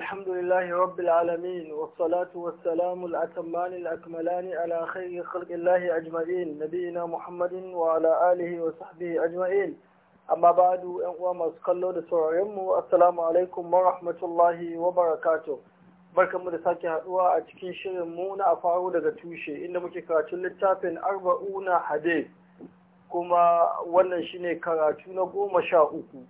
الحمد لله رب العالمين والصلاة والسلام الأتمان الأكملان على خير خلق الله أجمعين نبينا محمد وعلى آله وصحبه أجمعين أما بعد أنقوى مسقلو لسرعيم السلام عليكم ورحمة الله وبركاته barkanmu da sake haduwa a cikin shirin mu na a faru daga tushe inda muke karatun littafin arba'una hadith kuma wannan shine karatu na goma sha uku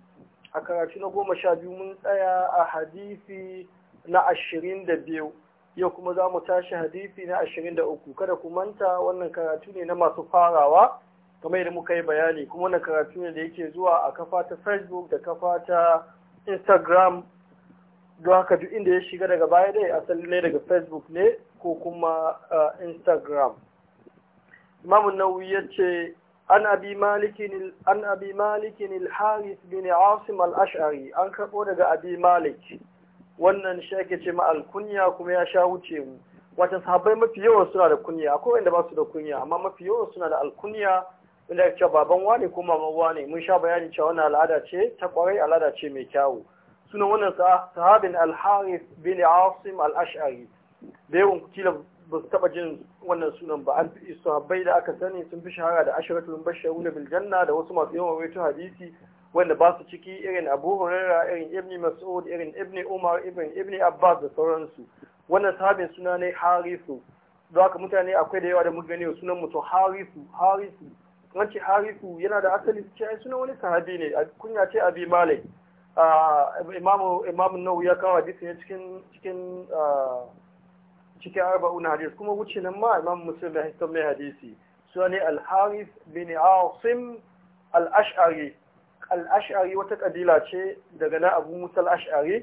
a karatu na goma sha biyu mun tsaya a hadisi na ashirin da biyu yau kuma za mu tashi hadisi na ashirin da uku kada ku manta wannan karatu ne na masu farawa kamar yadda muka yi bayani kuma wannan karatu ne da yake zuwa a kafa ta facebook da kafa ta instagram don haka duk inda ya shiga daga baya dai asali ne daga facebook ne ko kuma eh, instagram imamun nauyi ya ce an abi malikin an al-haris bin asim al-ash'ari an karɓo daga abi malik wannan shi ce ma al-kunya kuma ya sha wuce mu wata sahabbai mafi yawan suna da kunya akwai wanda ba su da kunya amma mafi yawan suna da al-kunya inda ya cewa baban wane ko maman wane mun sha bayani cewa wannan al'ada ce ta kwarai al'ada ce mai kyawu sunan wannan sahabin al-haris bin asim al-ash'ari da kila ba su taba jin wannan sunan ba an fi sahabbai da aka sani sun fi shahara da asharatul bashiruna bil janna da wasu masu yawan rawaito hadisi wanda ba su ciki irin Abu Hurairah irin Ibn Mas'ud irin Ibn Umar irin Ibn Abbas da sauransu wannan sahabin suna ne Harisu don ka mutane akwai da yawa da muka gani sunan mutum Harisu Harisu wancan Harisu yana da asali su ce sunan wani sahabi ne kunya ce Abi Malik imamu ah, imamu Nawawi ya kawo hadisi ne cikin cikin ah, cikin arba'un hadis kuma wuce nan ma imam muslim da hisan mai hadisi suna ne al-harith bin asim al-ash'ari al-ash'ari wata kabila ce daga na abu musa al-ash'ari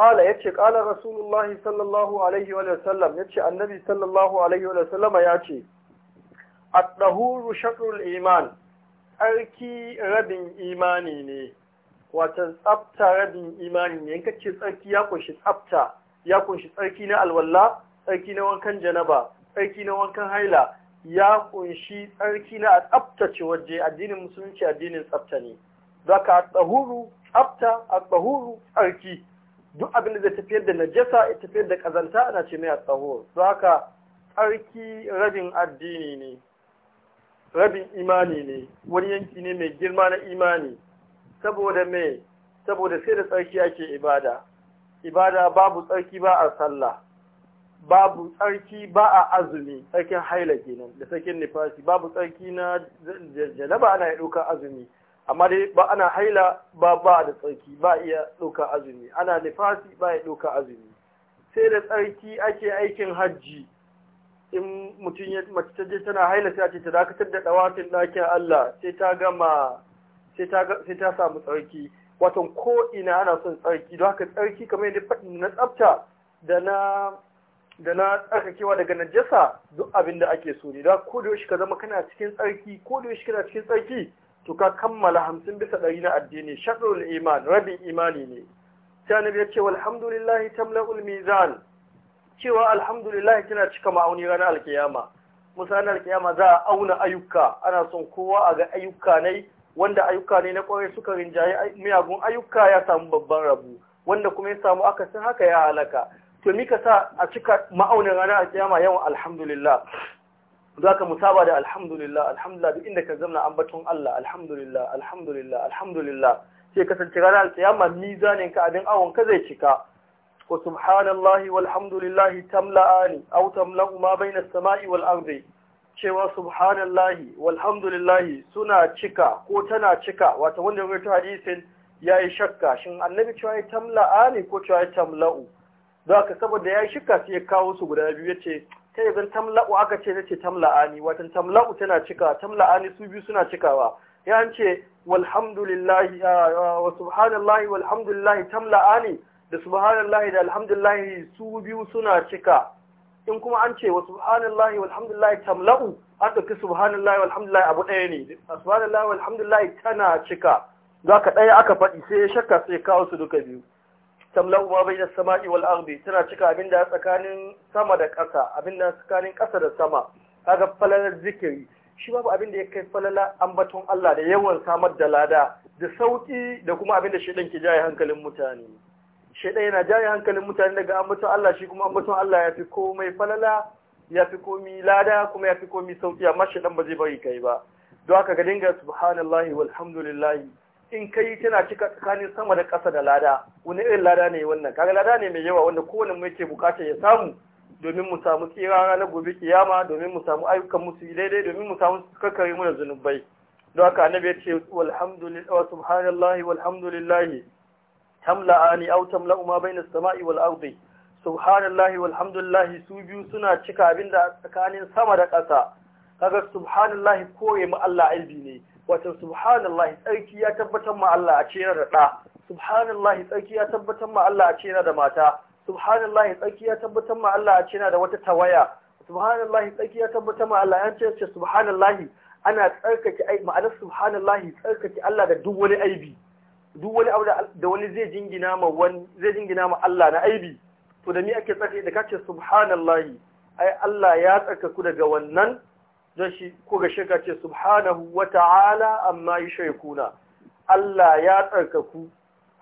qala yace qala rasulullahi sallallahu alaihi wa sallam yace annabi sallallahu alaihi wa sallama yace at-tahuru shatrul iman tsarki rabin imani ne wata tsafta rabin imani ne in kace tsarki ya kunshi ya kunshi tsarki na alwalla tsarki na wankan janaba tsarki na wankan haila ya kunshi tsarki na a tsaftace waje addinin musulunci addinin tsabta ne ka tsahuru tsafta a tsahuru tsarki duk abinda da zai tafiyar da najasa ya tafiyar da kazanta ana ce mai a tsahuru ka tsarki rabin addini ne rabin imani ne wani yanki ne mai girma na imani saboda mai saboda sai da tsarki ake ibada ibada babu tsarki ba a sallah babu tsarki ba a azumi tsarkin haila kenan da tsarkin nifasi babu tsarki na janaba ana ya ɗauka azumi amma dai ba ana haila ba ba da tsarki ba iya ɗauka azumi ana nifasi ba ya ɗauka azumi sai da tsarki ake aikin hajji in mutum ya mace ta tana haila sai a ce ta dakatar da dawafin ɗakin Allah sai ta gama sai ta samu tsarki watan ko ina ana son tsarki don haka tsarki kamar yadda faɗi na tsafta da na da na tsarkakewa daga najasa duk abin da ake so ne da ko da yaushe ka zama kana cikin tsarki ko da yaushe kana cikin tsarki to ka kammala hamsin bisa ɗari na addini shaɗarul iman rabin imani ne sai annabi ya ce walhamdulillahi tamla'ul mizan cewa alhamdulillahi tana cika ma'auni ranar alkiyama misalin alkiyama za a auna ayyuka ana son kowa a ga ayyuka ne wanda ayyuka ne na kwarai suka rinjaye miyagun ayyuka ya samu babban rabu wanda kuma ya samu akasin haka ya halaka to mika sa a cika ma'aunin ranar kiyama yawan alhamdulillah za ka musaba da alhamdulillah alhamdulillah duk inda ka zamna ambaton Allah alhamdulillah alhamdulillah alhamdulillah sai kasance ranar kiyama mizanin ka abin awon ka zai cika ko subhanallahi walhamdulillahi tamla'ani aw tamla'u ma bayna as-sama'i wal ardi cewa subhanallahi walhamdulillahi suna cika ko tana cika wata wanda ya rawaito hadisin yayi shakka shin annabi cewa tamla'ani ko cewa tamla'u don haka saboda ya shika sai ya kawo su guda biyu ya ce ta yi zan tamla'u aka ce nace tamla'ani watan tamla'u tana cika tamla'ani su biyu suna cikawa ya an ce walhamdulillahi ah, ah, wa subhanallahi walhamdulillahi tamla'ani da subhanallahi da alhamdulillahi su biyu suna cika in kuma an ce wa subhanallahi walhamdulillahi tamla'u an ɗauki subhanallahi walhamdulillahi abu ɗaya ne subhanallahi walhamdulillahi tana cika za ka ɗaya aka faɗi sai ya shakka sai kawo su duka biyu tamlau ma bai da sama'i wal ardi tana cika abin da tsakanin sama da ƙasa abin da tsakanin ƙasa da sama kaga falalar zikiri shi babu abin da ya kai falala ambaton Allah da yawan samar da lada da sauki da kuma abin da shedan ke jaye hankalin mutane shedan yana jaye hankalin mutane daga ambaton Allah shi kuma ambaton Allah ya fi komai falala ya fi komi lada kuma ya fi komi sauki amma shedan ba zai bari kai ba don haka ga dinga subhanallahi walhamdulillahi in kai tana cika tsakanin sama da ƙasa da lada wani irin lada ne wannan kaga lada ne mai yawa wanda kowane mu yake bukata ya samu domin mu samu tsira ranar gobe kiyama domin mu samu ayyukan musu daidai domin mu samu kakkare mu da zunubai don haka annabi ya ce walhamdulillah subhanallahi walhamdulillah tamla'ani aw tamla ma bayna as-sama'i wal ardi subhanallahi walhamdulillah su biyu suna cika abinda tsakanin sama da ƙasa kaga subhanallahi kore mu Allah albi ne wato subhanallah tsarki ya tabbatar ma Allah a ce yana da ɗa subhanallah tsarki ya tabbatar ma Allah a ce yana da mata subhanallah tsarki ya tabbatar ma Allah a ce yana da wata tawaya subhanallah tsarki ya tabbatar ma Allah an ce ce subhanallah ana tsarkake ai ma'ana subhanallah tsarkake Allah da duk wani aibi duk wani abu da wani zai jingina ma wani zai jingina ma Allah na aibi to da ni ake tsarkake da kace subhanallah ai Allah ya tsarkaku daga wannan don shi kuka shirka ce subhanahu wa ta'ala amma yi shaikuna Allah ya tsarkaku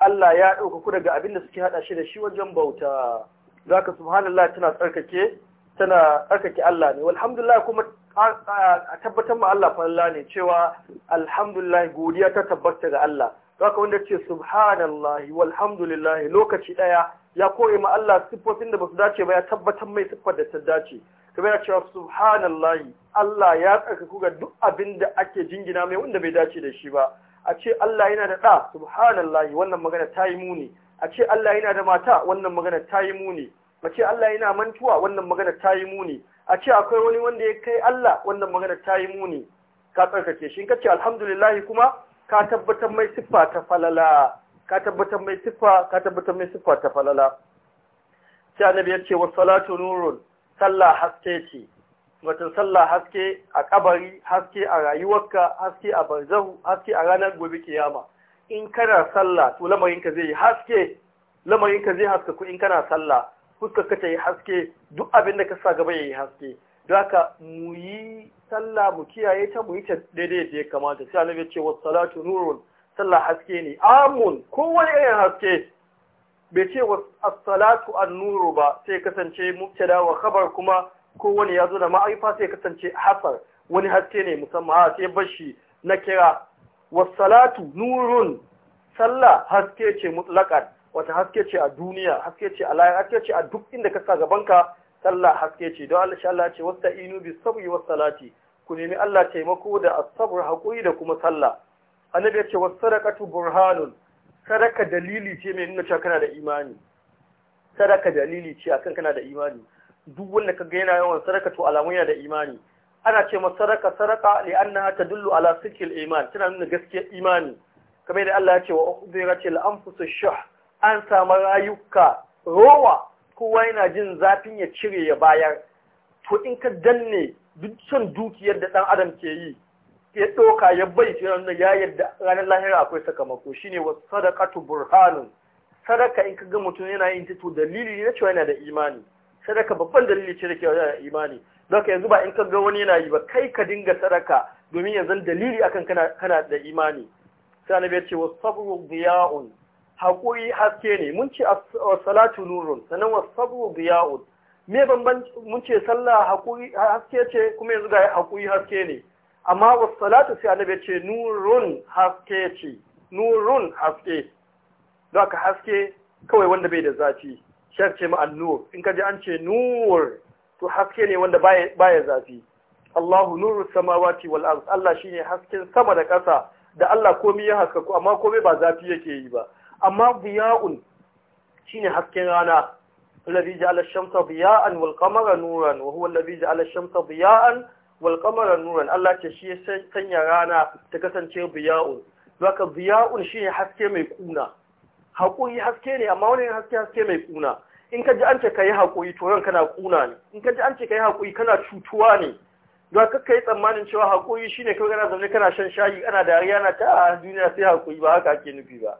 Allah ya ɗaukaku daga abin da suke haɗa shi da shi wajen bauta za ka subhanallah tana tsarkake tana tsarkake Allah ne walhamdulillah kuma a tabbatar ma Allah falla ne cewa alhamdulillah godiya ta tabbata ga Allah za ka wanda ce subhanallah walhamdulillah lokaci ɗaya ya koyi ma Allah siffofin da ba su dace ba ya tabbatar mai siffar da ta dace kamar yana cewa subhanallahi Allah ya tsarkaku ga duk abin da ake jingina mai wanda bai dace da shi ba a ce Allah yana da ɗa subhanallahi wannan magana ta yi muni a ce Allah yana da mata wannan magana ta yi muni a ce Allah yana mantuwa wannan magana ta yi muni a ce akwai wani wanda ya kai Allah wannan magana ta yi muni ka tsarkake shi ka ce alhamdulillahi kuma ka tabbatar mai siffa ta falala ka tabbatar mai siffa ka tabbatar mai siffa ta falala sai annabi ya ce was salatu nurun sallah haske ce watan sallah haske a kabari haske a rayuwarka haske a barzahu haske a ranar gobe kiyama in kana sallah to lamarin ka zai yi haske ka zai haska ku in kana sallah ka ta yi haske duk abin da ka sa gaba yayi haske don haka mu yi sallah mu kiyaye ta mu yi ta daidai da ya kamata sai annabi ce wa salatu nurun sallah haske ne amun kowane irin haske bai ce wa salatu an-nuru ba sai kasance mubtada wa khabar kuma kowane ya zo da ma'aifa sai kasance hasar wani haske ne musamman a sai bashi na kira salatu nurun sallah haske ce mutlaqan wata haske ce a duniya haske ce a lahira haske ce a duk inda ka sa gaban ka! sallah haske ce don Allah Allah ce inu bi sabri was salati ku nemi Allah taimako da as-sabr hakuri da kuma sallah annabi ya ce was sadaqatu burhanun sadaka dalili ce mai nuna cewa kana da imani sadaka dalili ce akan kana da imani duk wanda ga yana yawan sadaka to alamun yana da imani ana ce ma sadaka sadaka li annaha tadullu ala sikil iman tana nuna gaskiyar imani kamar da Allah ya ce wa ce al anfusu shuh an samu rayuka rowa kowa yana jin zafin ya cire ya bayar to in ka danne duk son dukiyar da dan adam ke yi ya ɗauka ya bai shi ranar ya yarda ranar lahira akwai sakamako shine sadaka sadaqatu burhanun sadaka in ka ga mutum yana yin tito dalili ne na cewa yana da imani sadaka babban dalili ce da ke da imani don yanzu ba in ka ga wani yana yi ba kai ka dinga sadaka domin yanzu dalili akan kana kana da imani sai annabi ya ce wa sabru diya'un haƙuri haske ne mun ce salatu nurun sannan wa sabru diya'un me bambanci mun ce sallah haƙuri haske ce kuma yanzu ga haƙuri haske ne amma wasu sai annabi ce nurun haske ce nurun haske don ka haske kawai wanda bai da zafi shar ce ma'an nur in ka ji an ce nur to haske ne wanda baya zafi Allahu nuru samawati wal ard Allah shine hasken sama da ƙasa da Allah komai ya haska ku amma komai ba zafi yake yi ba amma biya'un shine hasken rana الذي wal qamara nuran wa huwa alladhi ja'ala ash-shamsa wal qamara nuran Allah ce shi ya sanya rana ta kasance biya'un zaka biya'un shine haske mai kuna haƙuri haske ne amma wani haske haske mai kuna in ka ji an ce ka yi haƙuri to ran kana kuna ne in ka ji an ce ka yi haƙuri kana cutuwa ne don ka tsammanin cewa haƙuri ne kawai kana zaune kana shan shayi ana dariya na ta ah, duniya sai haƙuri ba haka ake nufi ba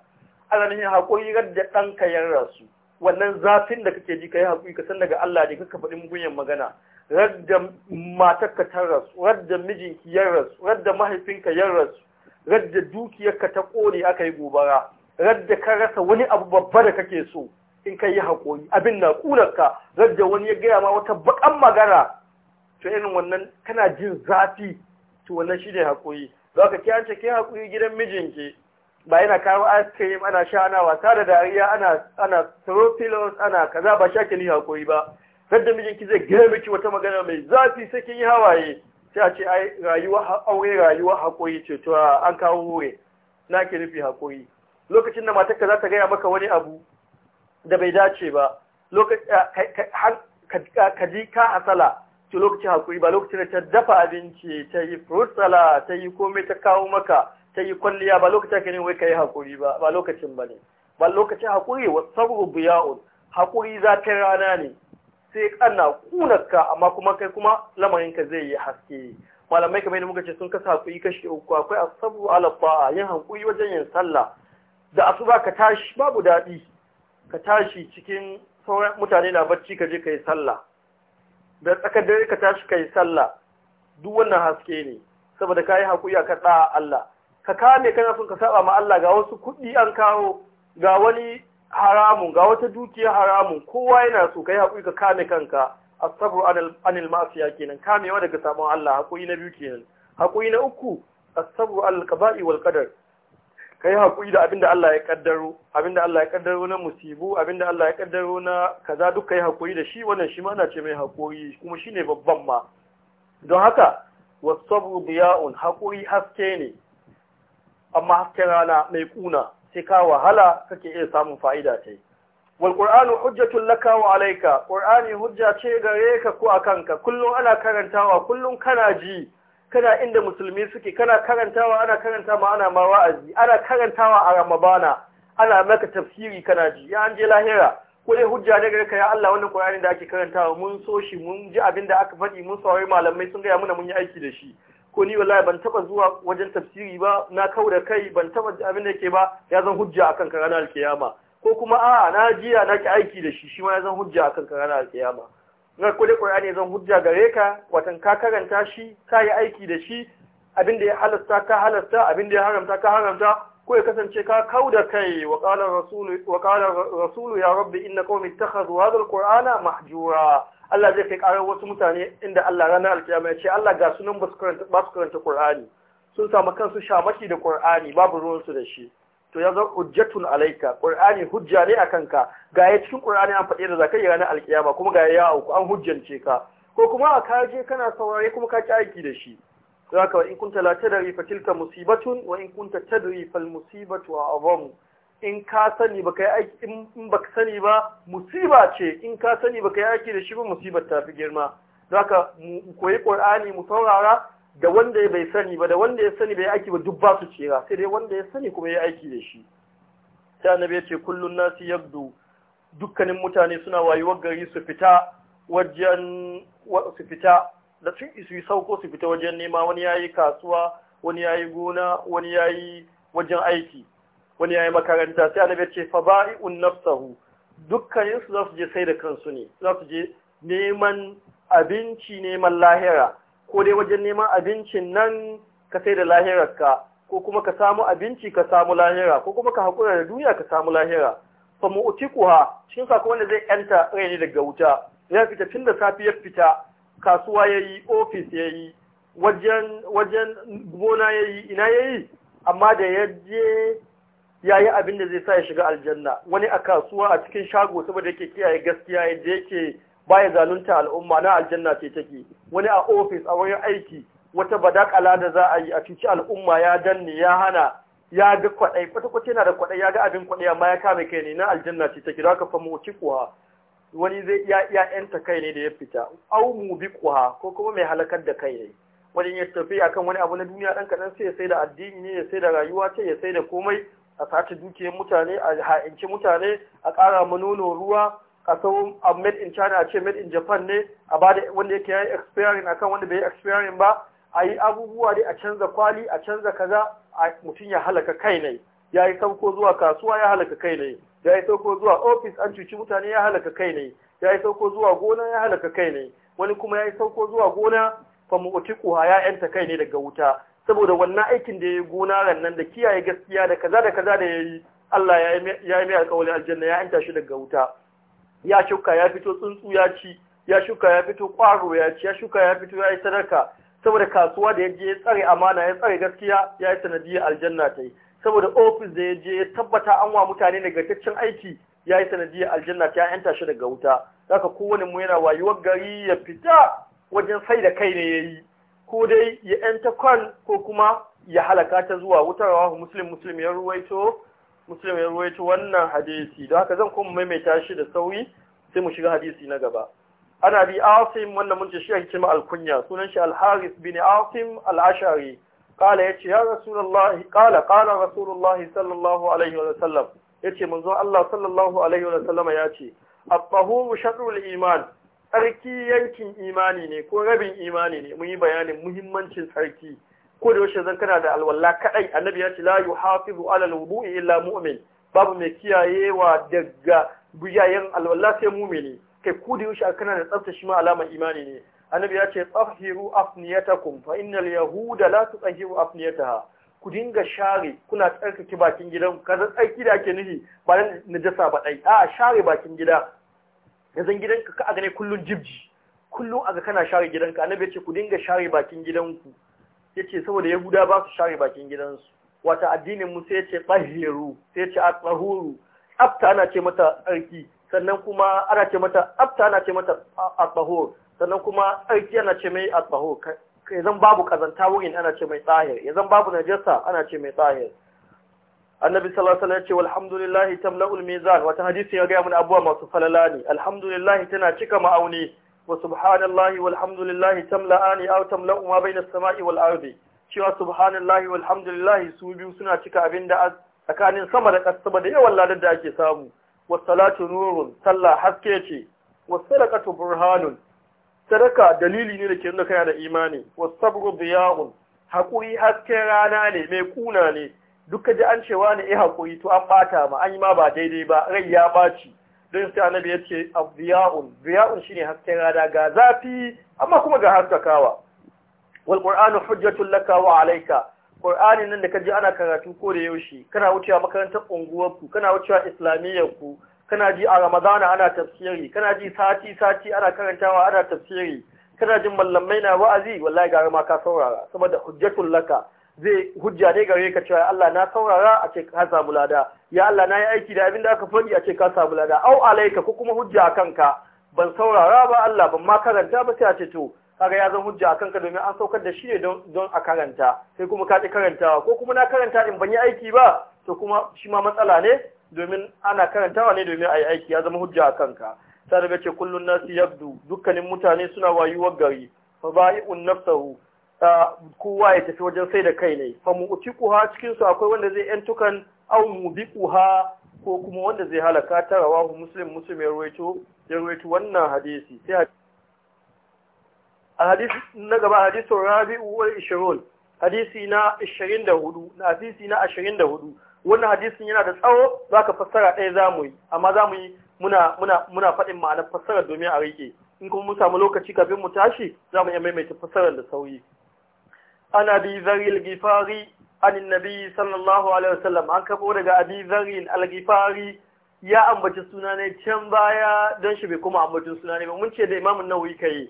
ana nufin haƙuri ran da ɗan yan rasu wannan zafin da kake ji ka yi haƙuri ka san daga Allah ne kaka faɗi mugunyan magana radda matarka ta rasu radda mijinki ya rasu radda mahaifinka ya rasu radda dukiyarka ta kone aka yi gobara radda ka rasa wani abu babba da kake so in ka yi haƙori abin na ƙunarka radda wani ya gaya ma wata baƙan magana to irin wannan kana jin zafi to wannan shi ne haƙori za ka kiyan ce ke haƙori gidan mijinki ba yana kawo ice cream ana sha ana wasa da dariya ana ana ana kaza ba sha ke ni haƙori ba da mijinki zai gaya miki wata magana mai zafi sai yi hawaye sai a ce rayuwa aure rayuwa hakuri ce to an kawo hure na ke nufi hakuri. lokacin da matarka za ta gaya maka wani abu da bai dace ba ka ji ka asala to lokacin hakuri. ba lokacin da ta dafa abinci ta yi fruit sala, ta yi komai ta kawo maka ta yi kwalliya ba lokacin ka ne wai ka yi hakuri ba ba lokacin ba ne ba lokacin hakuri wa sabu biya'un za ta rana ne sai ana kunaka amma kuma kai kuma lamarinka zai yi haske malamai kamar yadda muka ce sun kasa haƙuri kashi uku akwai asabu ala yin haƙuri wajen yin sallah da asuba ka tashi babu daɗi ka tashi cikin sauran mutane na bacci ka je ka yi sallah da tsakar dare ka tashi ka yi sallah duk wannan haske ne saboda ka yi hakuri akan ɗa'a Allah ka kame kana son ka saba ma Allah ga wasu kuɗi an kawo ga wani haramun ga wata dukiya haramun kowa yana so kai haƙuri ka kame kanka asabru anil mafiya kenan kamewa daga sabon Allah haƙuri na biyu kenan haƙuri na uku asabru al wal qadar kai haƙuri da abinda Allah ya kaddaro abinda Allah ya kaddaro na musibu abinda Allah ya kaddaro na kaza duk kai haƙuri da shi wannan shi ma ana ce mai haƙuri kuma shine babban ma don haka wasabu biya'un haƙuri haske ne amma hasken rana mai kuna sai ka wahala kake iya samun fa'ida ta yi wal qur'anu hujjatul laka wa alayka qur'ani hujja ce gare ka ko akan ka kullum ana karantawa kullum kana ji kana inda musulmi suke kana karantawa ana karanta ma ana ma wa'azi ana karantawa a Ramabana. ana maka tafsiri kana ji ya an je lahira ko dai hujja ne gare ka ya Allah wannan qur'ani da ake karantawa mun so shi mun ji abin da aka faɗi mun saurari malamai sun gaya muna mun yi aiki da shi ko ni wallahi ban taba zuwa wajen tafsiri ba na da kai ban taba abin da yake ba ya zan hujja akan ka ranar alkiyama ko kuma a na jiya na ki aiki da shi shi ma ya zan hujja akan ka ranar alkiyama na ko qur'ani zan hujja gare ka watan ka karanta shi ka yi aiki da shi abin da ya halasta ka halasta abin da ya haramta ka haramta ko ya kasance ka kau da kai wa qala rasulu wa qala rasulu ya rabbi inna qaumi ittakhadhu hadha alqur'ana mahjura Allah zai kai karar wasu mutane inda Allah ranar alkiyama ya ce Allah ga sunan ba su karanta ba sun samu kansu shamaki da Qur'ani babu ruwan da shi to ya zo hujjatun alaika Qur'ani hujja ne a kanka. ga ya cikin Qur'ani an faɗi da yi ranar alkiyama kuma ga ya auku an hujjance ka ko kuma a ka je kana saurari kuma ka ci aiki da shi ka haka in kunta la tadri fa tilka musibatun wa in kunta tadri fal musibatu a'zamu in ka sani ba kai aiki in ba ka sani ba musiba ce in ka sani ba kai aiki da shi ba musibar ta fi girma haka mu koyi qur'ani mu saurara da wanda ya bai sani ba da wanda ya sani bai aiki ba duk ba su cera sai dai wanda ya sani kuma ya aiki da shi sai annabi ya ce kullun nasi yabdu dukkanin mutane suna wayuwar gari su fita wajen su fita da sun isu sauko su fita wajen nema wani yayi kasuwa wani yayi gona wani yayi wajen aiki wani yayi makaranta sai annabi ce fa ba'i'un nafsahu dukkanin su zasu je sai da kansu ne zasu je neman abinci neman lahira ko dai wajen neman abincin nan ka sai da lahirarka ko kuma ka samu abinci ka samu lahira ko kuma ka hakura da duniya ka samu lahira fa mu'tikuha cikin sako wanda zai yanta raini daga wuta ya fita tun da safi ya fita kasuwa yayi ofis yayi wajen wajen gona yayi ina yayi amma da ya je ya yi abin da zai sa ya shiga aljanna wani a kasuwa a cikin shago saboda yake kiyaye gaskiya yadda yake baya zalunta al'umma na aljanna ce take wani a ofis a wani aiki wata badakala da za a yi a cuci al'umma ya danne ya hana ya ga kwaɗai kwata-kwata yana da kwaɗai ya ga abin kwaɗai amma ya kame kai ne na aljanna ce take za ka famu kuwa wani zai iya iya yanta kai ne da ya fita au mu bi kuwa ko kuma mai halakar da kai ne wani ya tafi akan wani abu na duniya ɗan kaɗan sai ya sai da addini ne ya sai da rayuwa ce ya sai da komai a sace dukiyar mutane a ha'inci mutane a kara ma ruwa a sau a made in china a ce made in japan ne a ba da wanda yake yayi expiring akan wanda bai yi expiring ba a yi abubuwa dai a canza kwali a canza kaza a mutum ya halaka kai ne ya yi sauko zuwa kasuwa ya halaka kai ne ya yi sauko zuwa ofis an cuci mutane ya halaka kai ne ya yi sauko zuwa gona ya halaka kai ne wani kuma ya yi sauko zuwa gona fa mu'tiquha ya yanta kai ne daga wuta saboda wannan aikin da ya yi gona rannan da kiyaye gaskiya da kaza da kaza da ya yi Allah ya yi mai alkawali aljanna ya yanta shi daga wuta ya shuka ya fito tsuntsu ya ci ya shuka ya fito ƙwaro ya ci ya shuka ya fito ya yi sadaka saboda kasuwa da ya je ya tsare amana ya tsare gaskiya ya yi sanadiyar aljanna ta yi saboda ofis da ya je ya tabbata an wa mutane nagartaccen aiki ya yi sanadiyar aljanna ta ya yanta shi daga wuta haka kowane mu yana wayuwar gari ya fita wajen sai da kai ne ya yi ko dai ya yanta kwan ko kuma ya halaka ta zuwa wutar rawahu muslim muslim ya ruwaito muslim ya ruwaito wannan hadisi don haka zan kuma maimaita shi da sauri sai mu shiga hadisi na gaba ana bi asim wannan mun ce shi ake cewa alkunya sunan shi al-haris bin asim al-ashari qala yace ya rasulullah qala qala rasulullah sallallahu alaihi wa sallam yace manzo Allah sallallahu alaihi wa sallama yace at-tahuru sharrul iman tsarki yankin imani ne ko rabin imani ne mun yi bayanin muhimmancin tsarki ko da yaushe zan kana da alwala kadai annabi ya ce la yuhafizu ala alwudu'i illa mu'min babu mai kiyayewa daga buyayen alwala sai mu'mini kai ko da yaushe kana da tsafta shi ma alamar imani ne annabi ya ce tsahiru afniyatakum fa innal yahuda la tutahhiru afniyataha ku dinga share kuna tsarkake bakin gidan kaza tsarki da ake nufi ba na najasa ba dai a'a share bakin gida ya zan gidanka ka a ne kullum jibji kullum aga kana share gidanka annabi yace ce ku dinga share bakin gidanku yace ce saboda yahuda ba su share bakin gidansu wata addinin mu sai yace ce tsahiru sai yace atahuru tsafta ana ce mata tsarki sannan kuma ana ce mata tsafta ana ce mata tsahur sannan kuma tsarki ana ce mai tsahur ya zan babu kazanta wurin ana ce mai tsahir ya zan babu najasa ana ce mai tsahir annabi sallallahu alaihi wasallam ya ce walhamdulillahi tamla'ul mizan wata hadisi ya ga mun abuwa masu falala ne Alhamdulillah tana cika ma'auni wa subhanallahi walhamdulillah tamla'ani aw tamla'u ma bayna as-sama'i wal ardi cewa subhanallahi walhamdulillah su biyu suna cika abinda tsakanin sama da ƙasa da yawan ladar da ake samu wassalatu nurun sallah haske ce wassalakatu burhanun sadaka dalili ne da ke nuna kana da imani wasabru biya'un haƙuri hasken rana ne mai kuna ne duka ji an cewa ne ya haƙuri to an ɓata ma an yi ma ba daidai ba rai ya ɓaci don sai annabi ya ce abdiya'un biya'un shine hasken rada ga zafi amma kuma ga haskakawa wal qur'anu hujjatul laka wa alayka qur'ani nan da kaji ana karatu ko da yaushe kana wucewa makarantar unguwarku kana wucewa islamiyyarku kana ji a ramadana ana tafsiri kana ji sati sati ana karantawa ana tafsiri kana jin mallamai na wa'azi wallahi ga ma ka saurara saboda hujjatul laka zai hujja ne gare ka cewa Allah na saurara a ce ka samu lada ya Allah na yi aiki da abin da aka faɗi a ce ka samu lada au alaika ko kuma hujja a kanka ban saurara ba Allah ban ma karanta ba sai a ce to kaga ya zama hujja a kanka domin an saukar da shi ne don a karanta sai kuma ka ƙi karantawa ko kuma na karanta in ban yi aiki ba to kuma shi ma matsala ne domin ana karantawa ne domin a yi aiki ya zama hujja a kanka sai da ce kullun nasu yabdu dukkanin mutane suna wayuwar gari fa ba'i'un nafsahu kowa ya tafi wajen sai da kai ne fa mu ha cikin su akwai wanda zai yantukan aw ha ko kuma wanda zai halaka ta rawahu muslim muslim ya ruwaito ya ruwaito wannan hadisi sai a hadisi na gaba hadisi rabi'u wal ishirin, hadisi na 24 na hadisi na 24 wannan hadisin yana da tsawo zaka fassara ɗaya zamu yi amma zamu yi muna muna muna faɗin ma'anar fassarar domin a rike in kuma mun samu lokaci kafin mu tashi zamu iya maimaita fassarar da sauyi ana bi zaril gifari an annabi sallallahu alaihi wasallam an kafo daga abi zaril al-gifari ya ambaci suna ne can baya don shi bai kuma ambacin suna ne ba mun ce da imamun nawawi kai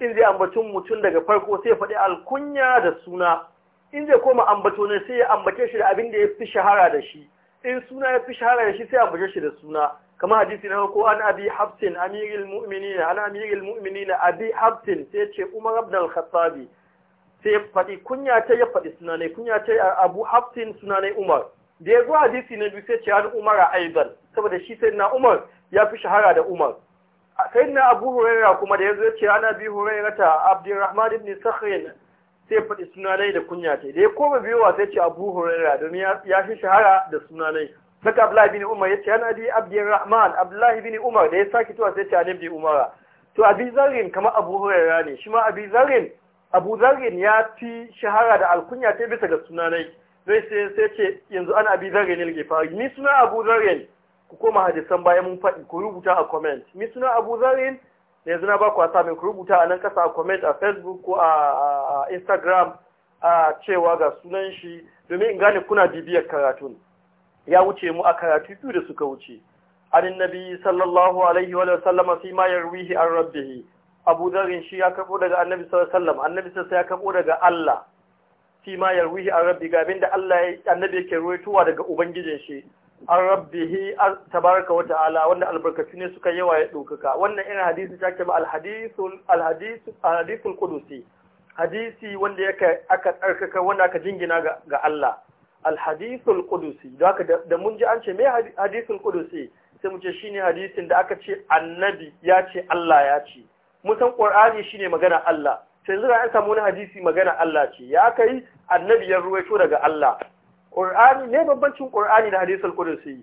in zai ambacin mutum daga farko sai ya faɗi alkunya da suna in zai koma ambato ne sai ya ambace shi da abin da ya fi shahara da shi in suna ya fi shahara da shi sai ya ambace shi da suna kamar hadisi na ko an abi hafsin amiril mu'minin an amiril mu'minin abi hafsin sai ce umar ibn al-khattabi sai ya faɗi kunya ta ya faɗi sunanai kunya ta abu haftin sunanai umar da ya zo hadisi na biyu sai ce an a aizan saboda shi sai na umar ya fi shahara da umar sai na abu hurera kuma da ya zo ce ana bi huraira ta abdurrahman ibn sakhrin sai ya faɗi sunanai da kunya ta da ya koma biyowa sai ce abu hurera domin ya fi shahara da sunanai saka abdullahi bin umar ya ce ana bi abdurrahman abdullahi bin umar da ya sake tuwa sai ce ana ibn umara to abi zarin kamar abu huraira ne shi ma abi zarin abu Zarin ya fi shahara da alkunya ta bisa ga sunanai zai sai ce yanzu ana abi Zarin ne ke fari ni suna abu Zarin? ku koma hadisan bayan mun faɗi ku rubuta a comment ni suna abu zarrin yanzu na ba ku samun ku rubuta a nan kasa a comment a facebook ko a instagram a cewa ga sunan shi domin in gane kuna bibiyar karatun ya wuce mu a karatu biyu da suka wuce an nabi sallallahu alaihi wa sallam fi ma yarwihi an rabbihi abu darin shi ya kafo daga annabi sallallahu alaihi wasallam annabi sai ya kafo daga Allah fi ma yarwihi an rabbi ga da Allah ya annabi yake tuwa daga ubangijin shi an rabbihi tabaraka wa ta'ala wanda albarkatu ne suka yawa ya ɗaukaka. wannan irin hadisi ta ke ba alhadithul alhadithul alhadithul hadisi wanda yake aka tsarkaka wanda aka jingina ga Allah alhadithul qudusi da haka da mun ji an ce me hadithul qudusi sai mu ce shine hadisin da aka ce annabi ya ce Allah ya ce mun san Qur'ani shine magana Allah sai yanzu an samu wani hadisi magana Allah ce ya kai annabi ya ruwaito daga Allah Qur'ani ne bambancin Qur'ani da hadisul ƙudusi.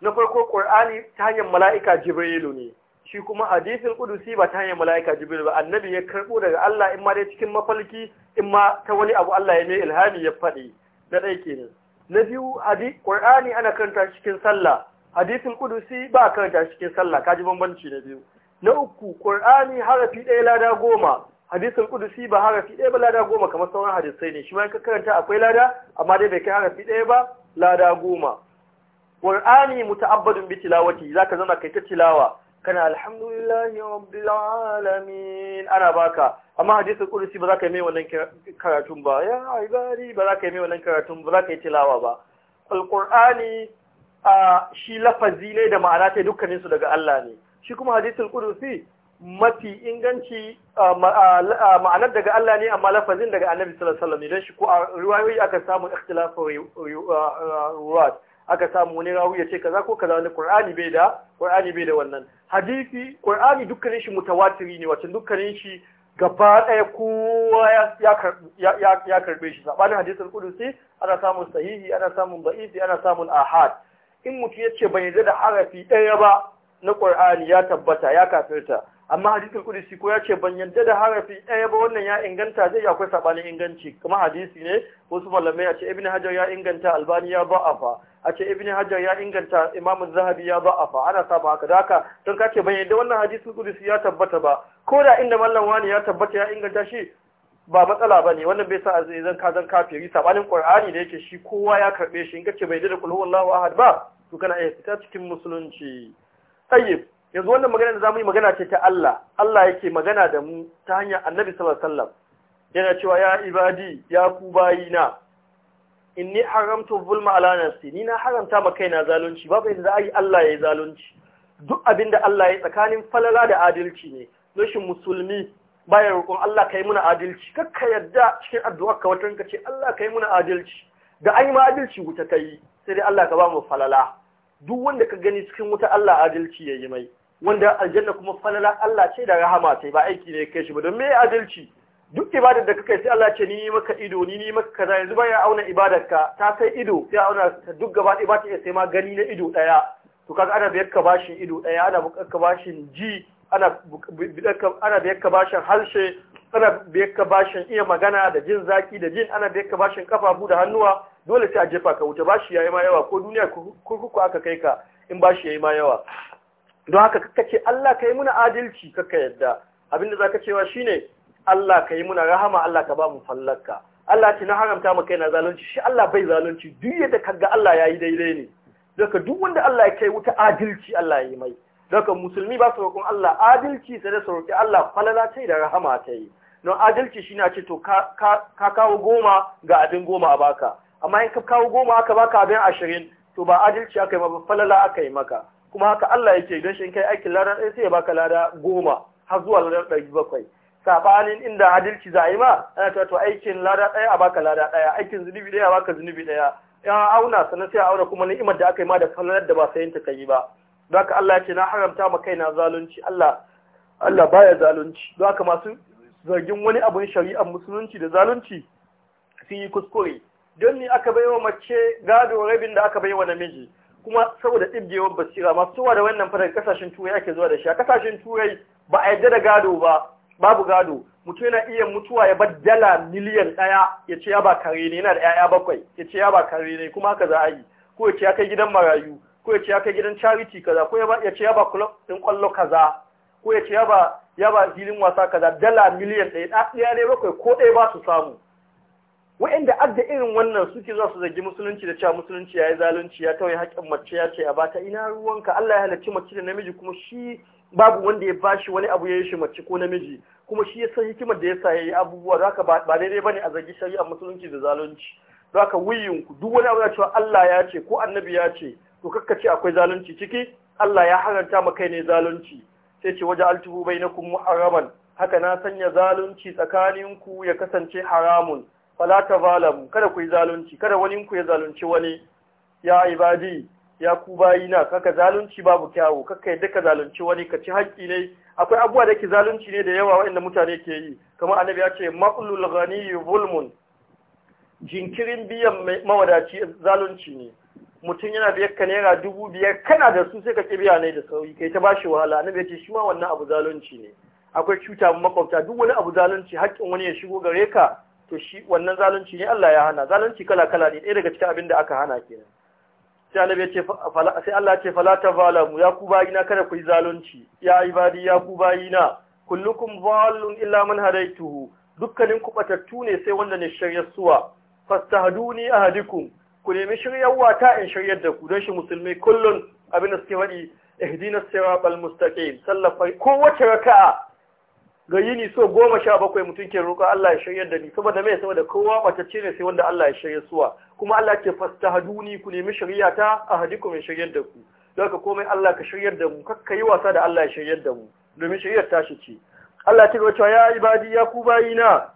na farko Qur'ani ta hanyar mala'ika Jibrilu ne shi kuma hadisul ƙudusi ba ta hanyar mala'ika Jibrilu ba annabi ya karbo daga Allah in ma dai cikin mafalki in ma ta wani abu Allah ya mai ilhami ya faɗi na ɗaya kenan na biyu Qur'ani ana karanta cikin sallah hadisin ƙudusi ba a karanta cikin sallah kaji bambanci na biyu na uku qur'ani harafi ɗaya lada goma hadisin qudusi ba harafi ɗaya ba lada goma kamar sauran hadisai ne shi ma ka karanta akwai lada amma dai bai kai harafi ɗaya ba lada goma qur'ani muta'abbadun bi tilawati zaka zama kai ta tilawa kana alhamdulillahi rabbil alamin ana baka amma hadisin kudusi ba za ka yi mai wannan karatun ba ya ibari ba za ka yi mai wannan karatun ba za ka yi tilawa ba alqur'ani shi lafazi ne da ma'ana ta dukkaninsu daga Allah ne shi kuma hadisul qudusi mafi inganci ma'anar daga Allah ne amma lafazin daga Annabi sallallahu alaihi wasallam shi ko a riwayoyi aka samu ikhtilafu ruwat aka samu wani rawi ya ce kaza ko kaza wani Qur'ani bai da Qur'ani bai da wannan hadisi Qur'ani dukkanin shi mutawatiri ne wato dukkanin shi gaba ɗaya kowa ya karbe shi saɓanin hadisul kudusi ana samun sahihi ana samun ba'ifi ana samun ahad in mutum ya ce bai yarda da harafi ɗaya ba na ƙur'ani ya tabbata ya kafirta amma hadisin kudisi ko ya ce ban yadda da harafi ɗaya ba wannan ya inganta zai akwai saɓanin inganci kuma hadisi ne wasu malamai a ce ibn hajar ya inganta albani ya ba'afa a ce ibn hajar ya inganta imam zahabi ya ba'afa ana saba haka da haka don ka ce ban yadda wannan hadisin kudisi ya tabbata ba ko da inda mallam wani ya tabbata ya inganta shi ba matsala ba ne wannan bai sa a zai zan ka zan kafiri sabanin ƙur'ani da yake shi kowa ya karɓe shi in ka ce bai yadda da kulhu lahu ahad ba to kana iya fita cikin musulunci tayyib yanzu wannan magana da zamu yi magana ce ta Allah Allah yake magana da mu ta hanyar Annabi sallallahu alaihi wasallam yana cewa ya ibadi ya ku bayina inni haramtu zulma ala nafsi ni na haramta ma kaina zalunci babu yadda yi Allah yayi zalunci duk abin da Allah yayi tsakanin falala da adalci ne rashin musulmi bayan roƙon Allah kai muna adalci kakka yadda cikin addu'ar ka watan ka ce Allah kai muna adalci da an yi ma adalci wuta kai sai dai Allah ka ba mu falala duk wanda ka gani cikin wuta Allah adalci ya yi mai wanda aljanna kuma falala Allah ce da rahama sai ba aiki ne kai shi ba don me adalci duk ibadar da kake sai Allah ce ni yi maka ido ni ni maka kaza yanzu ya auna ibadar ka ta kai ido sai auna ta duk gaba ɗaya ba ta sai ma gani na ido ɗaya to kaga ana biyar ka bashin ido ɗaya ana buƙar ka bashin ji ana biyar ka bashin harshe ana biyar ka bashin iya magana da jin zaki da jin ana biyar ka bashin kafafu da hannuwa dole sai a jefa ka wuta bashi yayi ma yawa ko duniya kurkuku aka kai ka in bashi yayi ma yawa don haka kaka ce Allah kai muna adalci kaka yadda abinda zaka cewa shine Allah kai muna rahama Allah ka ba mu fallaka Allah ce na haramta maka kaina zalunci shi Allah bai zalunci duk yadda kaga Allah yayi daidai ne daga duk wanda Allah ya kai wuta adalci Allah yayi mai daga musulmi ba su roƙon Allah adalci sai da su roƙi Allah falala ta da rahama ta yi don adalci shine a ce to ka kawo goma ga abin goma a baka amma in ka kawo goma aka baka abin ashirin to ba adalci aka yi ba falala aka yi maka kuma haka Allah yake don shi in kai aikin lada ɗaya sai ya baka lada goma har zuwa lada ɗari bakwai saɓanin inda adalci za a yi ma ana ta to aikin lada ɗaya a baka lada ɗaya aikin zunubi ɗaya a baka zunubi ɗaya ya auna sannan sai a auna kuma ni'imar da aka yi ma da falalar da ba yin ta yi ba don haka Allah ya ce na haramta ma kaina zalunci Allah Allah baya zalunci don haka masu zargin wani abun shari'ar musulunci da zalunci sun yi kuskure don ni aka wa mace gado rabin da aka bai wa namiji kuma saboda ɗibgewar basira masu zuwa da wannan fadar kasashen turai ake zuwa da shi a kasashen turai ba a yadda da gado ba babu gado mutum yana iya mutuwa ya bar dala miliyan ɗaya ya ce ya ba kare ne yana da 'ya'ya bakwai ya ce ya ba kare ne kuma haka za a yi ko ya ce ya kai gidan marayu ko ya ce ya kai gidan charity kaza ko ya ce ya ba club ɗin ƙwallo kaza ko ya ce ya ba filin wasa kaza dala miliyan ɗaya ɗaya ne bakwai ko ɗaya ba su samu wa'inda adda irin wannan suke za su zargi musulunci da cewa musulunci ya yi zalunci ya kawai haƙƙin mace ya ce a bata ina ruwanka Allah ya halarci mace da namiji kuma shi babu wanda ya bashi wani abu ya yi shi mace ko namiji kuma shi ya san hikimar da ya sa ya yi abubuwa za haka ba daidai ba ne a zargi shari'ar musulunci da zalunci Da haka wuyinku duk wani abu da cewa Allah ya ce ko annabi ya ce to kakka ce akwai zalunci ciki Allah ya haranta ma kai ne zalunci sai ce waje altuhu bainakum muharraman haka na sanya zalunci tsakaninku ya kasance haramun fala valamu kada ku yi zalunci kada wani ku ya zalunci wani ya ibadi ya ku na kaka zalunci babu kyawu kaka yadda ka zalunci wani ka ci haƙƙi ne akwai abubuwa da ke zalunci ne da yawa waɗanda mutane ke yi kamar annabi ya ce maqlul ghani zulmun jinkirin biyan mawadaci zalunci ne mutum yana biyar ka naira dubu biyar kana da su sai ka ƙi biya ne da sauri kai ta bashi wahala annabi ya ce shi ma wannan abu zalunci ne akwai cuta makwabta duk wani abu zalunci haƙƙin wani ya shigo gare ka to shi wannan zalunci ne Allah ya hana zalunci kala kala ne ɗaya daga cikin abin da aka hana kenan sai Allah ya ce sai Allah ya ce fala tazalamu ya ku bayina kada ku yi zalunci ya ibadi ya ku bayina kullukum dhallun illa man tuhu. dukkanin ku batattu ne sai wanda ne shiryar suwa fastahduni ahadikum ku nemi shiryarwa ta in shiryar da ku don shi musulmai kullun abin da suke faɗi ihdinas siratal mustaqim sallafa Ko wace raka'a ga yini so goma sha bakwai mutum ke roƙa Allah ya shirya da ni saboda mai saboda kowa ce ne sai wanda Allah ya shirya suwa kuma Allah ke fasta haduni ku nemi shari'a ta hadiku mai shiryar da ku ka komai Allah ka shiryar da mu kakka yi wasa da Allah ya shiryar da mu domin shiryar ta shi ce Allah ta cewa ya ibadi ya ku bayina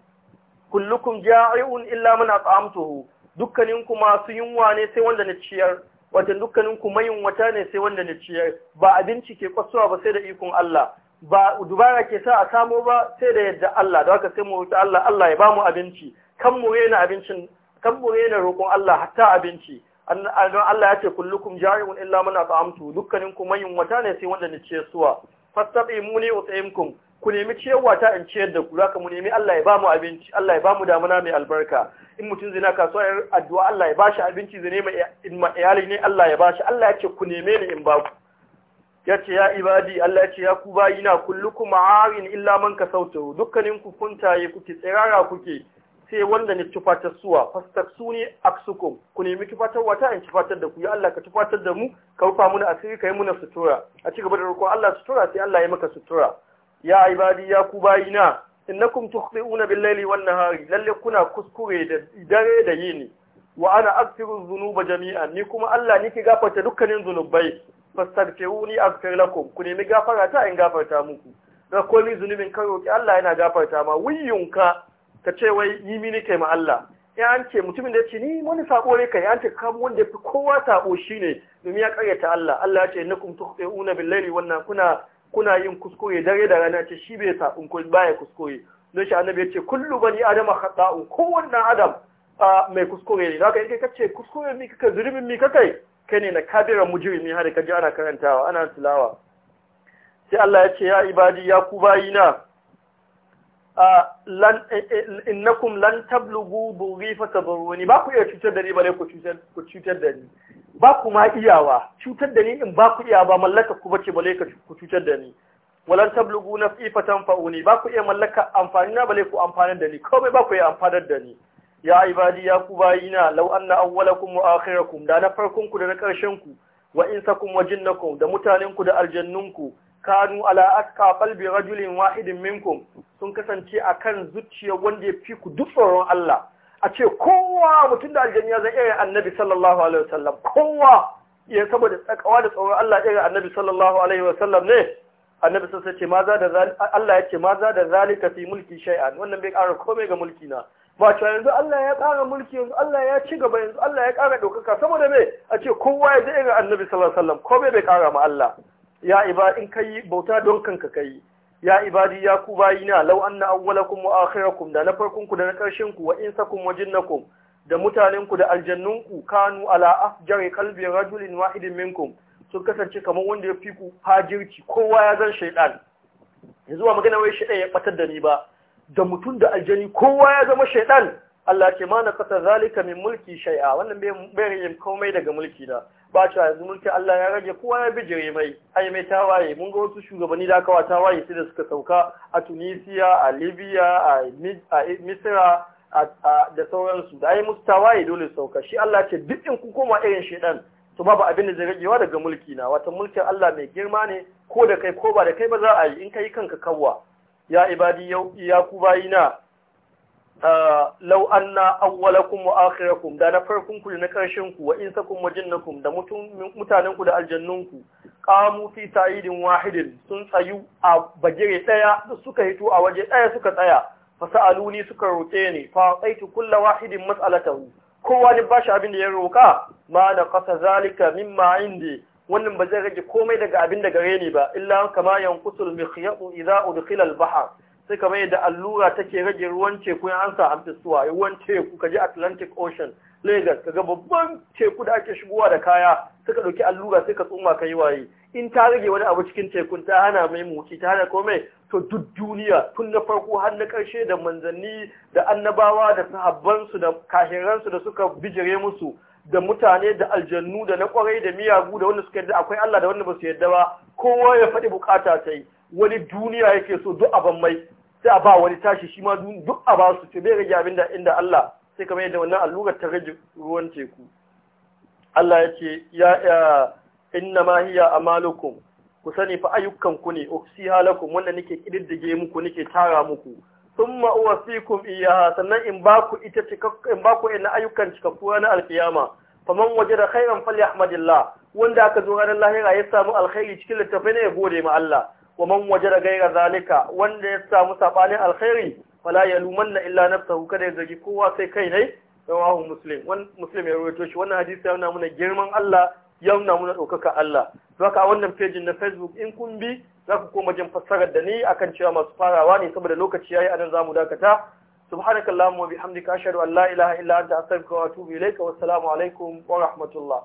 kullukum ja'i'un illa man at'amtuhu dukkanin ku masu yunwa ne sai wanda na ciyar wata dukkanin ku mayin wata ne sai wanda na ciyar ba abinci ke kwasuwa ba sai da ikon Allah ba dubara ke sa a samo ba sai da yadda Allah da haka sai mu roki Allah Allah ya bamu abinci kan mu rena abincin kan mu rena roƙon Allah hatta abinci don Allah ya ce kullukum jari'un illa man at'amtu dukkanin ku mayin wata ne sai wanda nace suwa fastabi muni utaimkum ku nemi ciyarwa ta in ciyar da ku zaka mu nemi Allah ya bamu abinci Allah ya bamu damuna mai albarka in mutun zina kasuwa addu'a Allah ya bashi abinci zai nema iyali ne Allah ya bashi Allah ya ce ku neme ni in ba ku ya ce ya ibadi Allah ya ce ya ku bayina kullukum arin illa man kasautu dukkanin ku kuntaye kuke tsirara kuke sai wanda ne tufatar suwa fastaksuni aksukum ku nemi tufatar wata in tufatar da ku ya Allah ka tufatar da mu ka rufa muna asiri ka yi muna sutura a ci gaba da roƙon Allah sutura sai Allah ya maka sutura ya ibadi ya ku bayina innakum tukhti'una bil layli wan-nahari lalle kuna kuskure da dare da yini wa ana aghfiru dhunuba jami'an ni kuma Allah nake gafarta dukkanin zunubai fastaghfiruni a lakum ku nemi gafara ta in gafarta muku da komai zunubin ka roki Allah yana gafarta ma wiyunka ka ce wai yi mini kai ma Allah in an ce mutumin da ya ce ni wani sako ne kai an ce kam wanda fi kowa sako shine domin ya karyata Allah Allah ya ce innakum tuqti'una bil layli wannan kuna kuna yin kuskure dare da rana ce shi bai sabon ko baya kuskure don shi annabi ya ce kullu bani adama khata'u kowanne adam mai kuskure ne zaka in kai kace kuskure mi kake zunubin mi kake kai ne na kabiran mujrimi har ka ji ana karantawa ana tilawa sai Allah ya ce ya ibadi ya ku bayina lan e, e, innakum lan tablugu bughi fatabaruni ba ku iya cutar da ni bare ku cutar ku cutar da ni ba ku ma iyawa cutar da ni in ba ku iya ba mallaka ku bace bare ku cutar da ni walan tablughu naf'i fatanfa'uni ba ku iya mallaka amfani na bare ku amfanar da ni komai ba ku iya amfanar da ni ya ibadi ya ku bayina law anna awwalakum wa akhirakum da na farkon ku da na karshen ku wa insakum wa jinnakum da mutanen ku da aljannun ku kanu ala aska qalbi rajulin wahidin minkum sun kasance akan zuciya wanda ya fi ku duk tsoron Allah a ce kowa mutum da ya zai irin annabi sallallahu alaihi wasallam kowa ya saboda tsakawa da tsoron Allah irin annabi sallallahu alaihi wasallam ne annabi ya ce za da Allah ya ce maza da zalika fi mulki shay'an wannan bai ƙara komai ga mulki na ba ta yanzu Allah ya ƙara mulki yanzu Allah ya ci gaba yanzu Allah ya ƙara ɗaukaka saboda me a ce kowa ya je irin annabi sallallahu alaihi wasallam komai bai ƙara ma Allah ya ibadi in kai bauta don kanka kai ya ibadi ya ku bayina law anna awwalakum wa akhirakum da na farkon ku da na ƙarshen ku wa insakum wa jinnakum da mutanen ku da aljannun ku kanu ala afjari kalbi rajulin wahidin minkum sun kasance kamar wanda ya fi ku hajirci kowa ya zan shaydan yanzu ba magana wai shaydan ya batar da ni ba da mutum da aljani kowa ya zama shaidan Allah ce ma na kasar zalika min mulki shai'a wannan bai rage komai daga mulki da ba cewa yanzu mulki Allah ya rage kowa ya bi mai ai mai tawaye mun ga wasu shugabanni da aka wa tawaye sai da suka sauka a Tunisia a Libya a Misira da sauransu da ai musu tawaye dole su sauka shi Allah ce duk in ku koma irin shaidan to babu abin da zai ragewa daga mulki na wata mulkin Allah mai girma ne ko da kai ko ba da kai ba za a yi in kai kanka kawwa ya ibadi ya ku bayina law anna awwalakum wa akhirakum da na farkon ku da na karshen ku wa insakum wa jinnakum da mutanen ku da aljannun ku qamu fi sa'idin wahidin sun tsayu a bagire daya da suka hito a waje daya suka tsaya fasaluni suka roƙe ni fa qaitu kullu wahidin mas'alatahu kowa ne bashi abin da ya roka ma na qasa zalika mimma indi wannan ba zai rage komai daga abin da gare ni ba illa kama yankusul mikhyabu idza udkhila al sai kamar yadda allura take rage ruwan teku ansa an sa ruwan teku kaje Atlantic Ocean Lagos kaga babban teku da ake shigowa da kaya suka dauki allura sai ka tsuma kai waye in ta rage wani abu cikin tekun ta hana mai muki ta hana komai to duk duniya tun na farko har na karshe da manzanni da annabawa da su da kahiransu da suka bijire musu da mutane da aljannu da na kwarai da miyagu da wanda suka yarda akwai Allah da wanda ba su yarda ba kowa ya faɗi bukata ta yi wani duniya yake so duk abin mai sai a ba wani tashi shi ma duk a ba su ce rage abin da inda Allah sai kamar yadda wannan allurar ta rage ruwan teku Allah ya ce ya inna ma hiya amalukum ku sani fa ayyukan ku ne uksiha lakum wanda nake kididdige muku nake tara muku thumma uwasikum iyyaha sannan in ba in ba ina ayyukan cikakku na alkiyama faman wajada khairan falyahmadillah wanda aka zo ranar lahira ya samu alkhairi cikin littafai ne ya gode ma Allah wa man wajada gaira zalika wanda ya samu sabanin alkhairi fala yalumanna illa nafsahu kada ya zargi kowa sai kai ne rawahu muslim wan muslim shi wannan hadisi ya nuna girman Allah ya nuna ɗaukaka Allah haka a wannan pejin na Facebook in kun bi za ku koma jin fassarar da ni akan cewa masu farawa ne saboda lokaci yayi anan zamu dakata subhanakallahumma wa bihamdika ashhadu an la ilaha illa anta astaghfiruka wa atubu ilaika wassalamu alaikum wa rahmatullah